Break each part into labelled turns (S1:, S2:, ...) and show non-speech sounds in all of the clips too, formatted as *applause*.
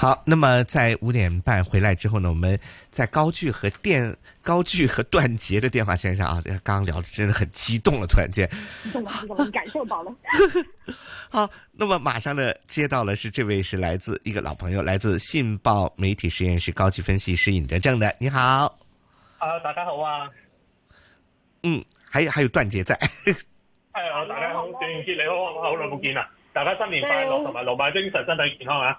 S1: 好，那麼在五點半回來之後呢，我們在高句和電高句和段杰的電話線上啊，剛剛聊的真的很激動了，突然間，
S2: 感
S1: 受到了。 *laughs* 好，那麼馬上呢，接到了是這位是來自一個老朋友，來自信報媒體實驗室高級分析師尹德政的，你好。啊，大家好啊。嗯，還有還有段杰在。 *laughs* 哎，我大家好，段杰你好，我好久沒見了。大家新年快樂，同埋龍馬精神，身體健康啊！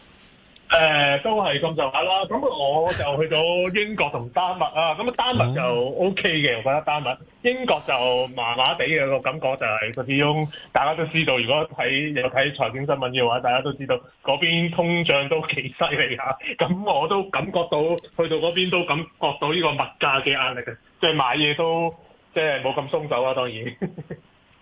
S1: 誒都係咁上下啦，咁我就去到英國同丹麥啊，咁丹麥就 OK 嘅，我覺得丹麥，英國就麻麻地嘅個感覺就係、是，始終大家都知道，如果睇有睇財經新聞嘅話，大家都知道嗰邊通脹都幾犀利下，咁我都感覺到，去到嗰邊都感覺到呢個物價嘅壓力，就是、買東西都即係買嘢都即係冇咁鬆手啦、啊，當然。 *laughs*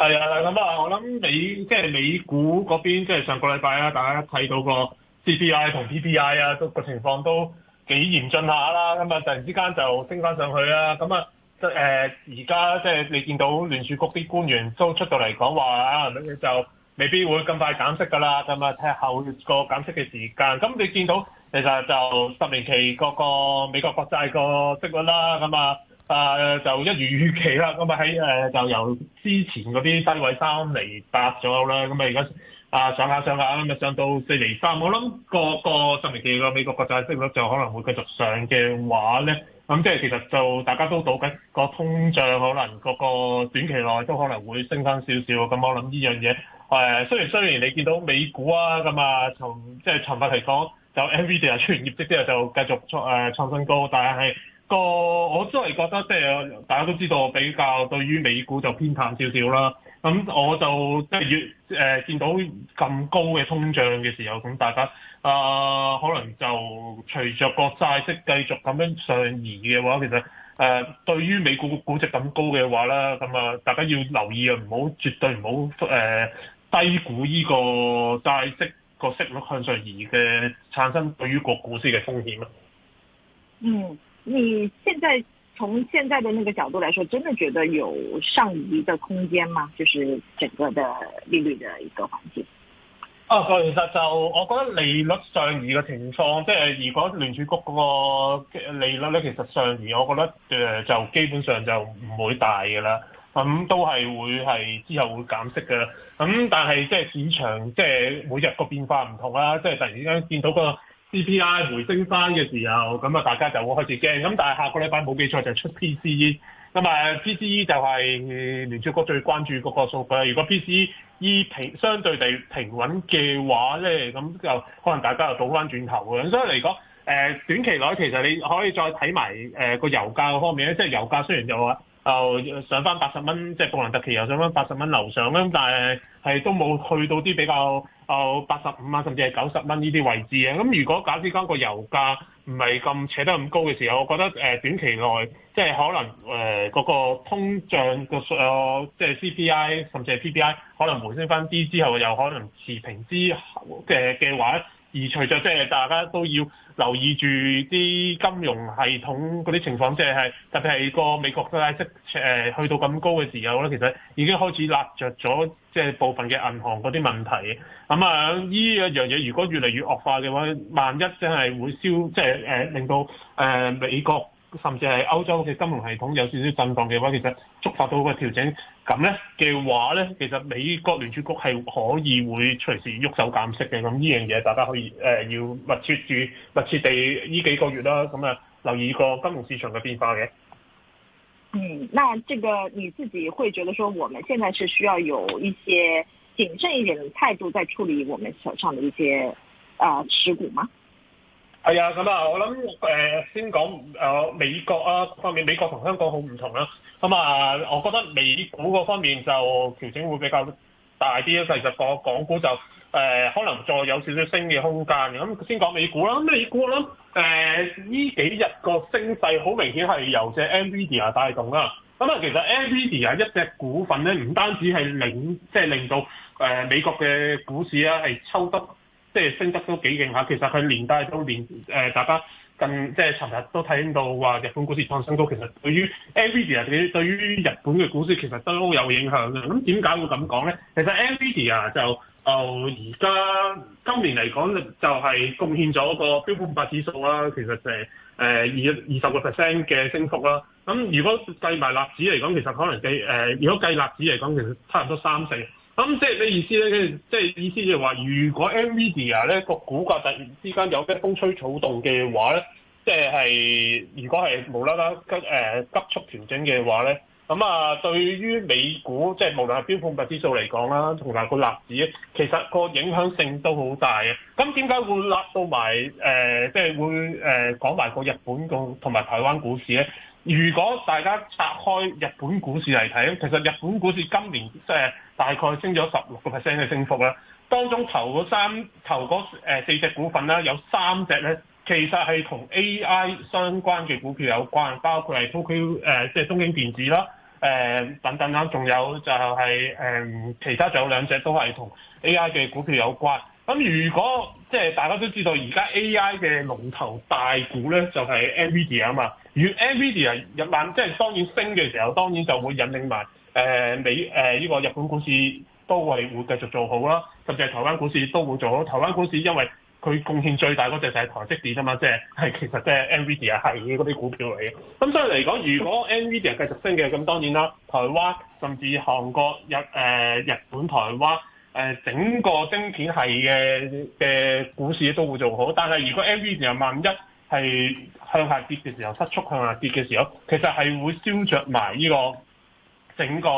S1: 係啊，咁啊，我諗你，即係美股嗰邊，即係上個禮拜啊，大家睇到個 CPI 同 PPI 啊，都個情況都幾嚴峻一下啦。咁啊，突然之間就升翻上去啦。咁啊，誒而家即係你見到聯儲局啲官員都出到嚟講，話啊，就未必會咁快減息㗎啦。咁啊，睇下後個減息嘅時間。咁、啊、你見到其實就十年期個個美國國債個息率啦，咁啊。啊、呃，就一如預期啦，咁啊喺誒就由之前嗰啲低位三厘八左右啦，咁啊而家啊上下上下咁啊、嗯、上到四厘三，我諗個個十年期嘅美國國債息率就可能會繼續上嘅話咧，咁即係其實就大家都賭緊、那個通脹，可能個個短期內都可能會升翻少少，咁我諗呢樣嘢誒，雖然雖然你見到美股啊，咁啊從即係尋日嚟講，有 Nvidia 出完業績之後就繼續、呃、創創新高，但係。個我都係覺得，即係大家都知道，比較對於美股就偏淡少少啦。咁我就即係越誒見到咁高嘅通脹嘅時候，咁大家啊，可能就隨着國債息繼續咁樣上移嘅話，其實誒對於美股估值咁高嘅話啦，咁啊，大家要留意啊，唔好絕對唔好誒低估呢個債息個息率向上移嘅產生對於個股市嘅風險咯。嗯。
S2: 你現在從現在的那個角度來說，真的覺得有上移的空間嗎？就是整個的利率的一個環
S1: 境。啊，其實就我覺得利率上移嘅情況，即係如果聯儲局嗰個利率咧，其實上移，我覺得誒就基本上就唔會大噶啦。咁、嗯、都係會係之後會減息噶啦。咁、嗯、但係即係市場即係每日個變化唔同啦、啊，即係突然間見到個。CPI 回升翻嘅時候，咁啊大家就會開始驚。咁但係下個禮拜冇記錯就出 PCE，咁啊 PCE 就係聯儲局最關注嗰個數據。如果 PCE 平，相對地平穩嘅話咧，咁就可能大家又倒翻轉頭嘅。所以嚟講，誒、呃、短期內其實你可以再睇埋誒個油價嗰方面咧。即係油價雖然就、呃、話就上翻八十蚊，即係布蘭特期又上翻八十蚊樓上咧，但係係都冇去到啲比較。哦，八十五啊，甚至係九十蚊呢啲位置啊，咁如果假設當個油價唔係咁扯得咁高嘅時候，我覺得短期內即係、即係、可能誒嗰、呃嗰個通脹個數，即、呃、係、即係、CPI 甚至係 PPI 可能回升翻啲之後，又可能持平之後嘅嘅話，而除咗即係大家都要。留意住啲金融系統嗰啲情況，即係特別係個美國債息誒去到咁高嘅時候咧，其實已經開始立着咗，即係部分嘅銀行嗰啲問題。咁啊，呢一樣嘢如果越嚟越惡化嘅話，萬一真係會消，即係誒令到誒美國。甚至係歐洲嘅金融系統有少少震盪嘅話，其實觸發到個調整咁咧嘅話咧，其實美國聯儲局係可以會隨時喐手減息嘅。咁呢樣嘢大家可以、呃、要密切住、密切地呢幾個月啦。咁啊，留意個金融市場嘅變化嘅。嗯，
S2: 那這個你自己會覺得說，我們現在是需要有一些謹慎一點嘅態度，在處理我們手上的一些啊持股嗎？
S1: 係啊，咁啊，我諗誒，先講誒美國啊方面，美國同香港好唔同啦。咁啊，我覺得美股嗰方面就調整會比較大啲啊。其實個港股就誒，可能再有少少升嘅空間。咁先講美股啦，咁美股我諗，誒呢幾日個升勢好明顯係由隻 Nvidia 帶動啦。咁啊，其實 Nvidia 一隻股份咧，唔單止係令即係、就是、令到誒美國嘅股市啊，係抽得。即係升得都幾勁嚇，其實佢年帶都年，誒、呃、大家近即係尋日都睇到話日本股市創新高，其實對於 Nvidia 對於日本嘅股市其實都都有影響嘅。咁點解會咁講咧？其實 Nvidia 就哦而家今年嚟講就係貢獻咗個標普五百指數啦，其實成誒二二十個 percent 嘅升幅啦。咁如果計埋納指嚟講，其實可能計誒、呃、如果計納指嚟講，其實差唔多三四。咁即係咩意思咧？即係意思就係話，如果 NVIDIA 咧個股價突然之間有啲風吹草動嘅話咧，即係如果係無啦啦急誒急速調整嘅話咧，咁啊對於美股，即係無論係標普五百指數嚟講啦，同埋個納指，其實個影響性都好大嘅。咁點解會拉到埋、呃、即係會、呃、講埋個日本同埋台灣股市咧？如果大家拆開日本股市嚟睇，其實日本股市今年即係～、呃大概升咗十六個 percent 嘅升幅啦，當中頭嗰三頭嗰四隻股份啦，有三隻咧，其實係同 AI 相關嘅股票有關，包括係 Tokyo 即係、呃、東京電子啦、呃，等等啦、啊，仲有就係、是呃、其他仲有兩隻都係同 AI 嘅股票有關。咁如果即係大家都知道，而家 AI 嘅龍頭大股咧，就係、是、NVIDIA 啊嘛，如 NVIDIA 入慢，即係當然升嘅時候，當然就會引領埋。誒、呃、美誒呢、呃這個日本股市都係會繼續做好啦，甚至台灣股市都會做好。台灣股市因為佢貢獻最大嗰隻就係台積電啫嘛，即、就、係、是、其實即係 NVIDIA 係嗰啲股票嚟嘅。咁所以嚟講，如果 NVIDIA 繼續升嘅，咁當然啦，台灣甚至韓國日、呃、日本、台灣、呃、整個晶片係嘅嘅股市都會做好。但係如果 NVIDIA 萬一係向下跌嘅時候失速向下跌嘅時候，其實係會燒着埋、這、呢個。整個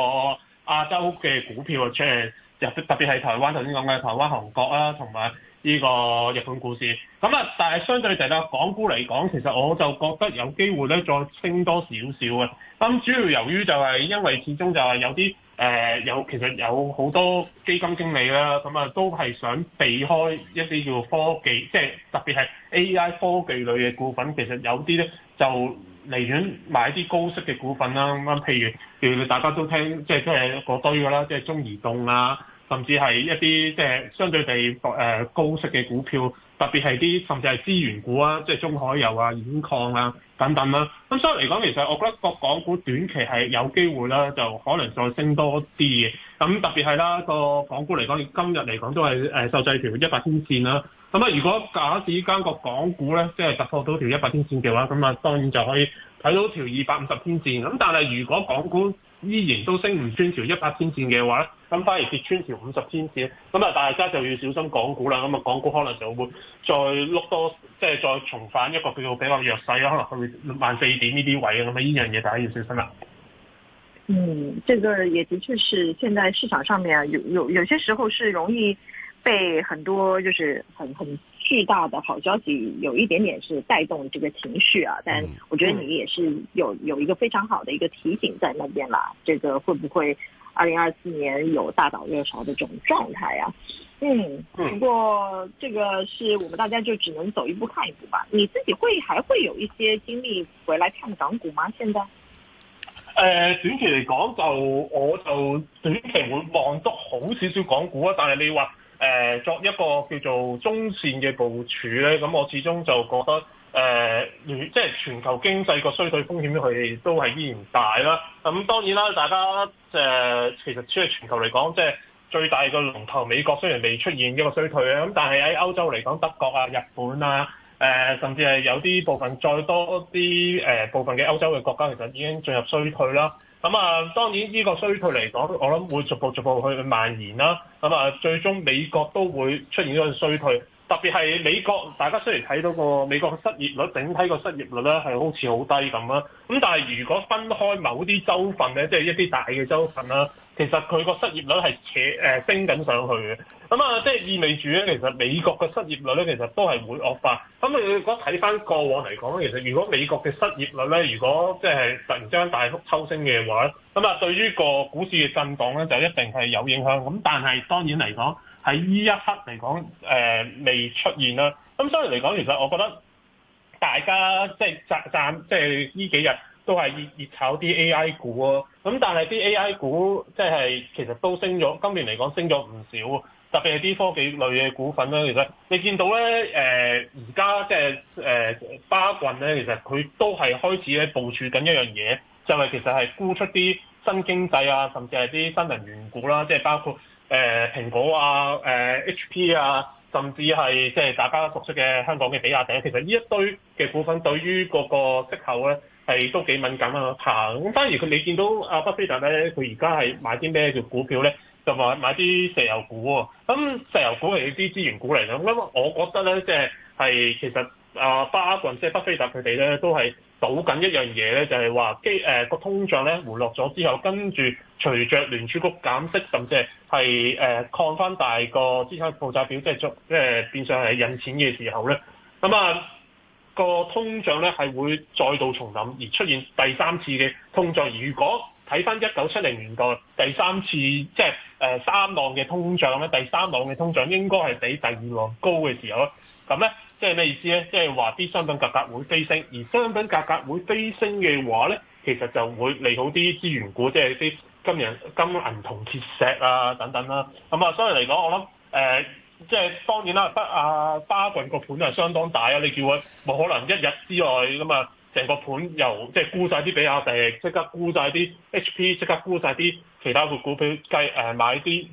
S1: 亞洲嘅股票出嚟，特別特別係台灣頭先講嘅台灣、韓國啊，同埋呢個日本股市。咁啊，但係相對就係港股嚟講，其實我就覺得有機會咧，再升多少少嘅。咁主要由於就係因為始終就係有啲誒、呃，有其實有好多基金經理啦，咁啊都係想避開一啲叫科技，即係特別係 AI 科技類嘅股份。其實有啲咧就。寧願買啲高息嘅股份啦，咁譬如譬如你大家都聽，即係即係嗰堆嘅啦，即係中移動啊，甚至係一啲即係相對地誒高息嘅股票，特別係啲甚至係資源股啊，即係中海油啊、兗礦啊等等啦。咁所以嚟講，其實我覺得個港股短期係有機會啦，就可能再升多啲嘅。咁特別係啦，個港股嚟講，今日嚟講都係誒受制於一百天線啦。咁啊，如果假使依家個港股咧，即係突破到條一百天線嘅話，咁啊當然就可以睇到條二百五十天線。咁但係如果港股依然都升唔穿條一百天線嘅話，咁反而跌穿條五十天線，咁啊大家就要小心港股啦。咁啊，港股可能就會再碌多，即係再重返一個叫做比較弱勢咯，可能去萬四點呢啲位咁啊，依樣嘢大家要小心啦、啊。嗯，
S2: 這個也的確是，現在市場上面有有有，有些時候是容易。被很多就是很很巨大的好消息，有一點點是帶動這個情緒啊，但我覺得你也是有有一個非常好的一個提醒在那邊啦。這個會不會二零二四年有大倒熱潮的這種狀態呀、啊？嗯，不過這個是我們大家就只能走一步看一步吧。你自己會還會有一些精力回來看港股嗎？現在？
S1: 呃，短期嚟講就我就短期會望得好少少港股啊，但係你話。誒作一個叫做中線嘅部署咧，咁我始終就覺得誒，即、呃、係、就是、全球經濟個衰退風險係都係依然大啦。咁當然啦，大家誒、呃、其實即係全球嚟講，即係最大嘅龍頭美國雖然未出現一個衰退咧，咁但係喺歐洲嚟講，德國啊、日本啊。誒、呃，甚至係有啲部分再多啲誒、呃，部分嘅歐洲嘅國家其實已經進入衰退啦。咁啊，啊，當然呢個衰退嚟講，我諗會逐步逐步去蔓延啦。咁啊，啊，最終美國都會出現一個衰退，特別係美國，大家雖然睇到個美國失業率整體個失業率咧係好似好低咁啦，咁、啊、但係如果分開某啲州份咧，即係一啲大嘅州份啦。其實佢個失業率係斜誒升緊上去嘅，咁啊，即係意味住咧，其實美國嘅失業率咧，其實都係會惡化。咁你如果睇翻過往嚟講咧，其實如果美國嘅失業率咧，如果即係突然之間大幅抽升嘅話，咁啊，對於個股市嘅震盪咧，就一定係有影響。咁但係當然嚟講，喺呢一刻嚟講，誒、呃、未出現啦。咁所以嚟講，其實我覺得大家即係賺賺即係呢幾日。都係熱炒啲 A.I. 股喎、啊，咁但係啲 A.I. 股即係其實都升咗，今年嚟講升咗唔少。特別係啲科技類嘅股份咧、啊，其實你見到咧，誒而家即係誒巴郡咧，其實佢都係開始咧部署緊一樣嘢，就係、是、其實係沽出啲新經濟啊，甚至係啲新能源股啦、啊，即、就、係、是、包括誒、呃、蘋果啊、誒、呃、H.P. 啊，甚至係即係大家熟悉嘅香港嘅比亞迪。其實呢一堆嘅股份對於嗰個息口咧。係都幾敏感、嗯、啊，嚇！咁反而佢未見到阿巴菲特呢，佢而家係買啲咩叫股票呢？就話買啲石油股喎、哦。咁、嗯、石油股係啲資源股嚟㗎。咁、嗯、我覺得呢，即係係其實啊，巴郡即係巴菲特佢哋呢都係賭緊一樣嘢呢，就係話基個通脹呢回落咗之後，跟住隨着聯儲局減息，甚至係係誒擴翻大個資產負債表，即、就、係、是呃、變相係印錢嘅時候呢。咁、嗯、啊！個通脹咧係會再度重臨，而出現第三次嘅通脹。而如果睇翻一九七零年代第三次即係誒、呃、三浪嘅通脹咧，第三浪嘅通脹應該係比第二浪高嘅時候，咁咧即係咩意思咧？即係話啲商品價格會飛升，而商品價格會飛升嘅話咧，其實就會利好啲資源股，即係啲金銀金銀銅鐵石啊等等啦、啊。咁啊，所以嚟講，我諗誒。呃即係當然啦、啊，巴阿巴郡個盤係相當大啊！你叫佢，冇可能一日之內咁啊，成個盤又即係沽晒啲比亞迪，即刻沽晒啲 HP，即刻沽晒啲其他個股票，計誒買啲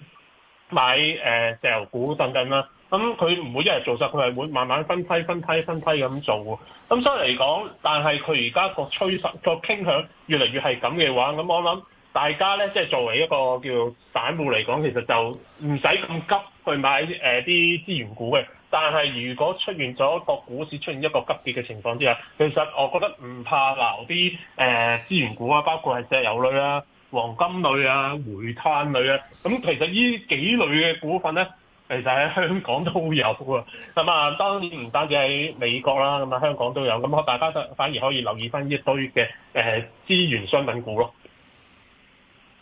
S1: 買誒、啊、石油股等等啦。咁佢唔會一日做晒，佢係會慢慢分批、分批、分批咁做喎。咁所以嚟講，但係佢而家個趨勢、個傾向越嚟越係咁嘅話，咁、嗯、我諗大家咧，即係作為一個叫散戶嚟講，其實就唔使咁急。去買誒啲資源股嘅，但係如果出現咗個股市出現一個急跌嘅情況之下，其實我覺得唔怕撈啲誒資源股啊，包括係石油類啊、黃金類啊、煤炭類啊，咁其實呢幾類嘅股份咧，其實喺香港都有嘅。咁啊，當然唔單止喺美國啦，咁啊香港都有。咁我大家就反而可以留意翻一堆嘅誒資源商
S2: 品股咯。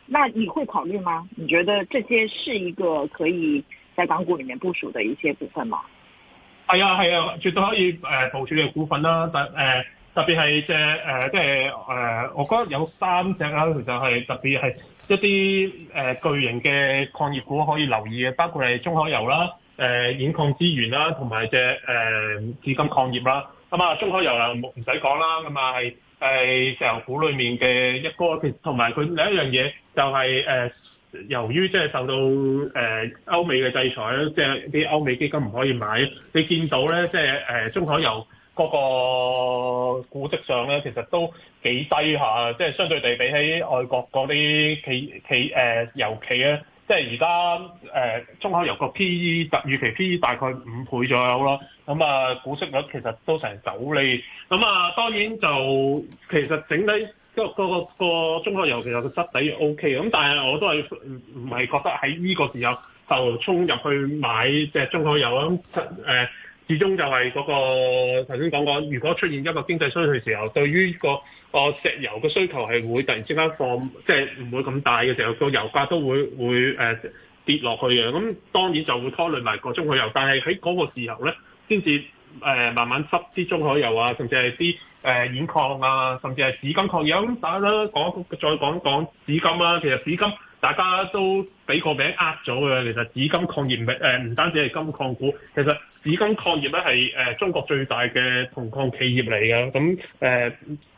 S2: 那你會考慮嗎？你覺得這些是一個可以？在港股裏面部署的一些部分
S1: 嘛，係啊係啊，絕對可以誒部署嘅股份啦、呃。特誒特別係隻誒即係誒，我覺得有三隻啦，其實係特別係一啲誒、呃、巨型嘅礦業股可以留意嘅，包括係中海油啦、誒鉛礦資源啦，同埋隻誒紫金礦業啦。咁啊，中海油啊，唔使講啦，咁啊係係石油股裡面嘅一哥，其實同埋佢另一樣嘢就係、是、誒。呃由於即係受到誒、呃、歐美嘅制裁，即係啲歐美基金唔可以買。你見到咧，即係、呃、中海油嗰個估值上咧，其實都幾低下，即係相對地比起外國嗰啲企企誒、呃、油企咧，即係而家中海油個 P E 預期 P E 大概五倍左右咯。咁啊，股息率其實都成九厘。咁啊，當然就其實整體。個個個中海油其實個質底 O K 嘅，咁但係我都係唔係覺得喺呢個時候就衝入去買即係中海油咁誒，始終就係嗰個頭先講過，如果出現一個經濟衰退時候，對於個個石油嘅需求係會突然之間放即係唔會咁大嘅時候，個油價都會會誒跌落去嘅，咁當然就會拖累埋個中海油，但係喺嗰個時候咧，先至慢慢執啲中海油啊，甚至係啲。誒鉛、呃、礦啊，甚至係紫金礦業咁，大家再講講紫金啦、啊。其實紫金大家都俾個名呃咗嘅，其實紫金礦業誒唔、呃、單止係金礦股，其實紫金礦業咧係、呃、中國最大嘅銅礦企業嚟嘅。咁誒、呃、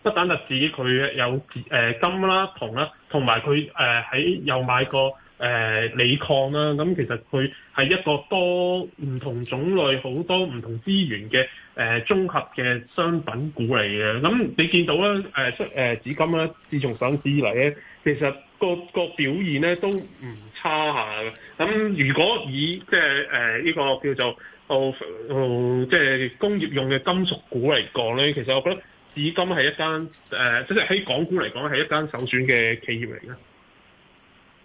S1: 不單止係，佢有、呃、金啦、銅啦，同埋佢喺又買過。誒理、呃、礦啦、啊，咁、嗯、其實佢係一個多唔同種類、好多唔同資源嘅誒綜合嘅商品股嚟嘅。咁、嗯、你見到啦、啊，誒、呃、誒紫金啦、啊，自從上市以嚟咧，其實個個表現咧都唔差下。咁、嗯、如果以即係誒呢個叫做 O、哦哦、即係工業用嘅金屬股嚟講咧，其實我覺得紫金係一間誒、呃，即係喺港股嚟講係一間首選嘅企業嚟嘅。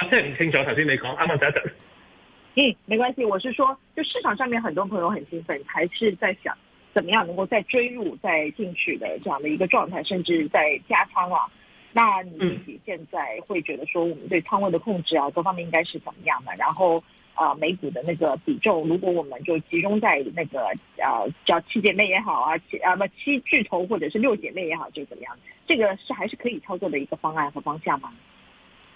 S1: 即係唔清楚，
S2: 頭先你講啱啱，等一等，嗯，沒關係，我是說，就市場上面很多朋友很興奮，還是在想，怎麼樣能夠再追入、再進去的這樣的一個狀態，甚至在加倉啊？那你現在會覺得說，我們對倉位的控制啊，各方面應該是怎麼樣的、啊？然後，啊、呃，美股的那個比重，如果我們就集中在那個，叫、呃、七姐妹也好啊，七啊，不七巨頭或者是六姐妹也好，就怎麼樣？這個是還是可以操作的一個方案和方向嗎？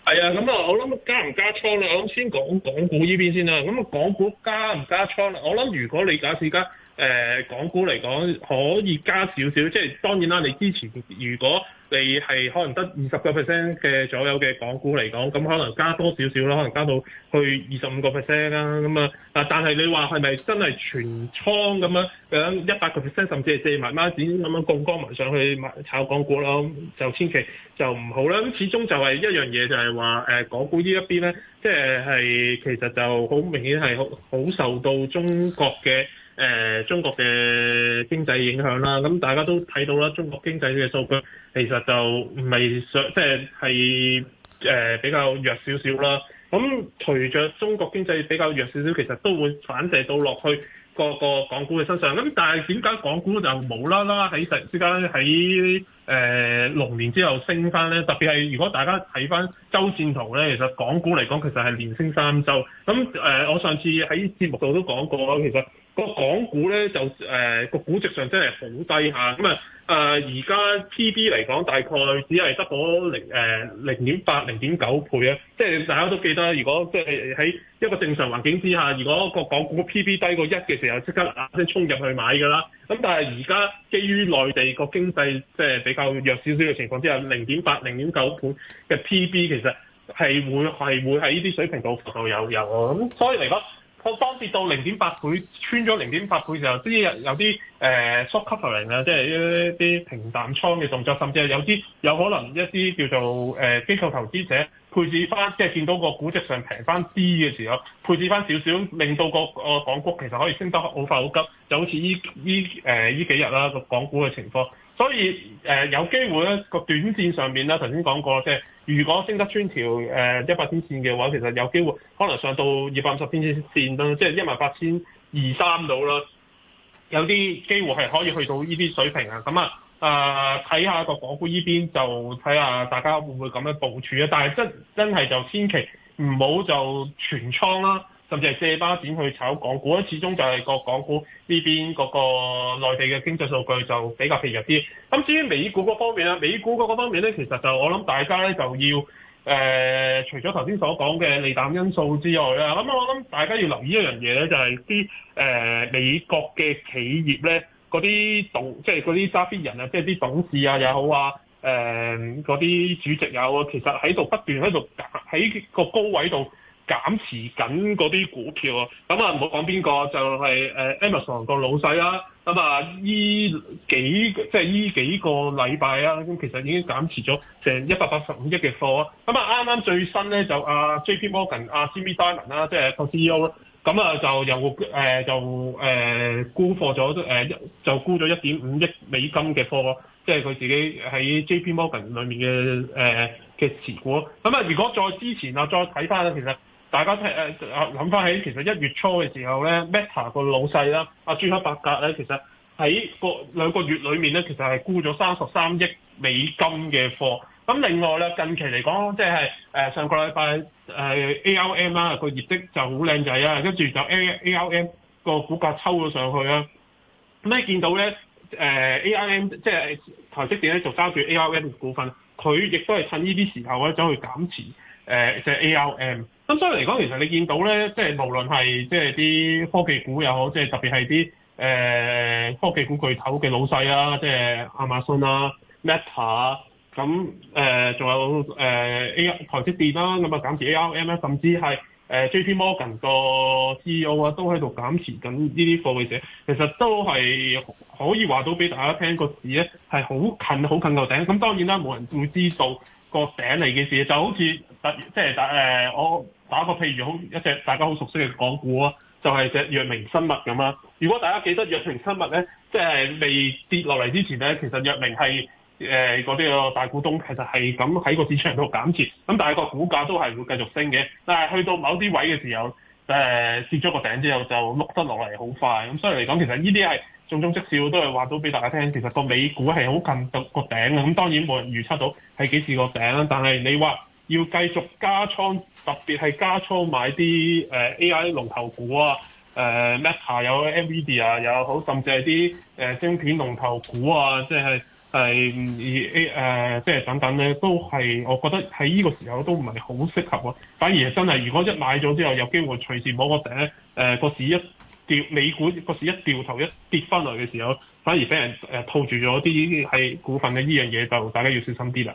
S1: 係啊，咁、哎、啊，我諗加唔加倉啦，我諗先講港股呢邊先啦。咁啊，港股加唔加倉啦？我諗如果你假設而家。誒、呃、港股嚟講可以加少少，即係當然啦。你之前如果你係可能得二十個 percent 嘅左右嘅港股嚟講，咁可能加多少少咯，可能加到去二十五個 percent 啦。咁啊，但係你話係咪真係全倉咁樣，等一百個 percent 甚至係借埋孖展咁樣槓桿埋上去炒港股咯？就千祈就唔好啦。咁始終就係一樣嘢，就係話誒港股呢一邊咧，即係係其實就好明顯係好受到中國嘅。誒、呃、中國嘅經濟影響啦，咁大家都睇到啦。中國經濟嘅數據其實就唔係上，即係係誒比較弱少少啦。咁隨着中國經濟比較弱少少，其實都會反射到落去個個港股嘅身上。咁但係點解港股就冇啦啦喺突然之間喺誒龍年之後升翻咧？特別係如果大家睇翻周線圖咧，其實港股嚟講其實係連升三周。咁誒、呃，我上次喺節目度都講過啦，其實個港股咧就誒個、呃、估值上真係好低嚇，咁啊誒而家 P/B 嚟講大概只係得到零誒零點八零點九倍啊！即、就、係、是、大家都記得，如果即係喺一個正常環境之下，如果個港股 P/B 低過一嘅時候，即刻喇喇聲衝入去買㗎啦。咁、啊、但係而家基於內地個經濟即係、就是、比較弱少少嘅情況之下，零點八零點九倍嘅 P/B 其實係會係會喺呢啲水平度範內有有咁、啊，所以嚟講。當跌到零點八倍，穿咗零點八倍時候，即有有啲誒 short covering 啊，即係一啲平淡倉嘅動作，甚至係有啲有可能一啲叫做誒、呃、機構投資者配置翻，即係見到個估值上平翻啲嘅時候，配置翻少少，令到個港股其實可以升得好快好急，就好似呢呢誒呢幾日啦個港股嘅情況。所以誒、呃、有機會咧個短線上面咧，頭先講過即係如果升得穿條誒一百天線嘅話，其實有機會可能上到二百五十天線啦，即係一萬八千二三度啦，有啲機會係可以去到呢啲水平啊。咁啊誒睇下個港股呢邊就睇下大家會唔會咁樣部署。啊。但係真真係就千祈唔好就全倉啦。甚至係借巴展去炒港股，咁始終就係個港股呢邊嗰個內地嘅經濟數據就比較疲弱啲。咁至於美股嗰方面咧，美股嗰個方面咧，其實就我諗大家咧就要誒、呃，除咗頭先所講嘅利淡因素之外咧，咁我諗大家要留意一樣嘢咧，就係啲誒美國嘅企業咧，嗰啲董，即係嗰啲揸飛人啊，即係啲董事啊又好啊，誒嗰啲主席又好，其實喺度不斷喺度喺個高位度，減持緊嗰啲股票啊！咁啊，唔好講邊個，就係、誒、Amazon 個老細啦。咁啊，依幾即係依幾個禮拜啊，咁其實已經減持咗成一百八十五億嘅貨啊！咁啊，啱啱最新咧就 J.P.Morgan 啊 Jamie Dimon 啦，即係 CEO 啦，咁啊就又誒、呃、就誒沽貨咗一就沽咗一點五億美金嘅貨，即係佢自己喺 J.P.Morgan 裏面嘅嘅、呃、持股。咁啊，如果再之前啊，再睇翻咧，其實～大家睇誒啊！諗翻起其實一月初嘅時候咧，Meta 個老細啦，阿朱克伯格咧，其實喺個兩個月裏面咧，其實係沽咗三十三億美金嘅貨。咁另外咧，近期嚟講，即係誒上個禮拜誒 A R M 啦，個業績就好靚仔啊，跟住就 A A R M 個股價抽咗上去啦。咁你見到咧誒 A R M 即係台積電咧，就揸住 A R M 股份，佢亦都係趁呢啲時候咧走去減持誒即係 A R M。咁所以嚟講，其實你見到咧，即係無論係即係啲科技股又好，即係特別係啲科技股巨頭嘅老細啦，即係亞馬遜啊、Meta，咁仲有誒 A 台積電啦，咁啊減持 A R M 啦，甚至係 J P Morgan 個 C E O 啊，都喺度減持緊呢啲貨幣者，其實都係可以話到俾大家聽，個市咧，係好近好近個頂。咁當然啦，冇人會知道個頂嚟嘅事，就好似特即係誒我。打個譬如好一隻大家好熟悉嘅港股啊，就係隻藥明生物咁啦。如果大家記得藥明生物咧，即係未跌落嚟之前咧，其實藥明係誒嗰啲個大股東，其實係咁喺個市場度減持，咁但係個股價都係會繼續升嘅。但係去到某啲位嘅時候，誒跌咗個頂之後就碌得落嚟好快。咁所以嚟講，其實呢啲係種種即少，都係話到俾大家聽，其實個美股係好近到個頂啊。咁當然冇人預測到係幾時個頂啦。但係你話，要繼續加倉，特別係加倉買啲、呃、AI 龍頭股啊、呃、，Meta 有 MVD 啊，Nvidia，有好甚至係啲誒晶片龍頭股啊，即係即係等等咧，都係我覺得喺呢個時候都唔係好適合啊。反而真係，如果一買咗之後有機會隨時摸個頂，誒、呃、個市一調美股個市一掉頭一跌翻嚟嘅時候，反而俾人套住咗啲係股份嘅呢樣嘢，就大家要小心啲啦。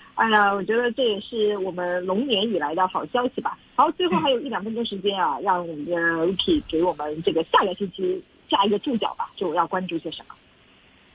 S2: 哎呀，我覺得這也是我們龍年以來的好消息吧。好，最後還有一兩分鐘時間啊，讓我們的 Uki 給我們這個下個星期下一個注腳吧，就我要關注些什麼？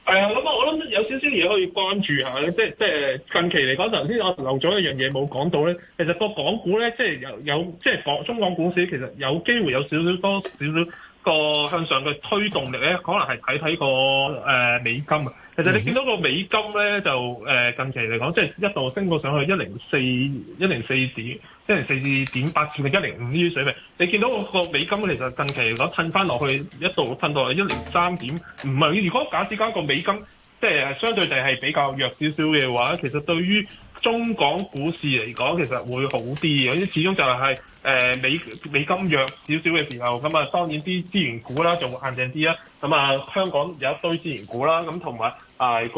S2: 哎呀，咁啊，我諗
S1: 有少少嘢可以關注一下咧，即係即係近期嚟講，頭先我留咗一樣嘢冇講到咧，其實個港股咧，即係有有即係港中港股市，其實有機會有少少多少少。個向上嘅推動力咧，可能係睇睇個誒、呃、美金啊。其實你見到個美金咧，就誒、呃、近期嚟講，即、就、係、是、一度升過上去一零四一零四點，一零四點八至一零五呢啲水平。你見到個美金其實近期嚟講，褪翻落去一度褪到一零三點，唔係。如果假設間個美金即係相對地係比較弱少少嘅話，其實對於中港股市嚟講，其實會好啲。因始終就係誒美美金弱少少嘅時候，咁啊當然啲資源股啦，就會硬淨啲啦。咁啊香港有一堆資源股啦，咁同埋誒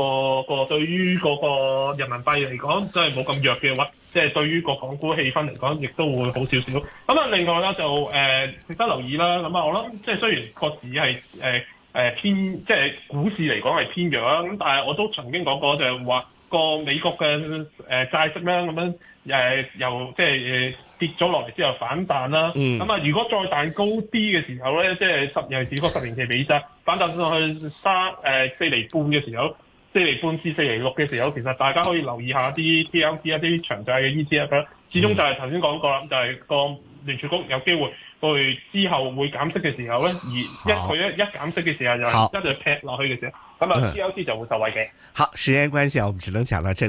S1: 個個對於嗰個人民幣嚟講，真係冇咁弱嘅話，即係對於個港股氣氛嚟講，亦都會好少少。咁啊另外啦，就誒，呃，值得留意啦。咁啊我諗即係雖然確實係誒。呃誒、呃、偏即係股市嚟講係偏弱啦，咁但係我都曾經講過就係、是、話個美國嘅誒、呃、債息咧咁樣、呃、又即係跌咗落嚟之後反彈啦，咁啊、mm. 如果再彈高啲嘅時候咧，即係十年指數十年期美債反彈上去三誒四厘半嘅時候，四厘半至四厘六嘅時候，其實大家可以留意一下啲 TMT 一啲長、啊、債嘅 E.T.F 啦，始終就係頭先講過啦，就係、是、個聯儲局有機會。對，之後會減息嘅時候咧，而一佢一好一減息嘅時候就係一就劈落去嘅時候，咁啊，T O c、LC、就會受惠嘅、嗯。好，時間關係啊，我們只能講到這。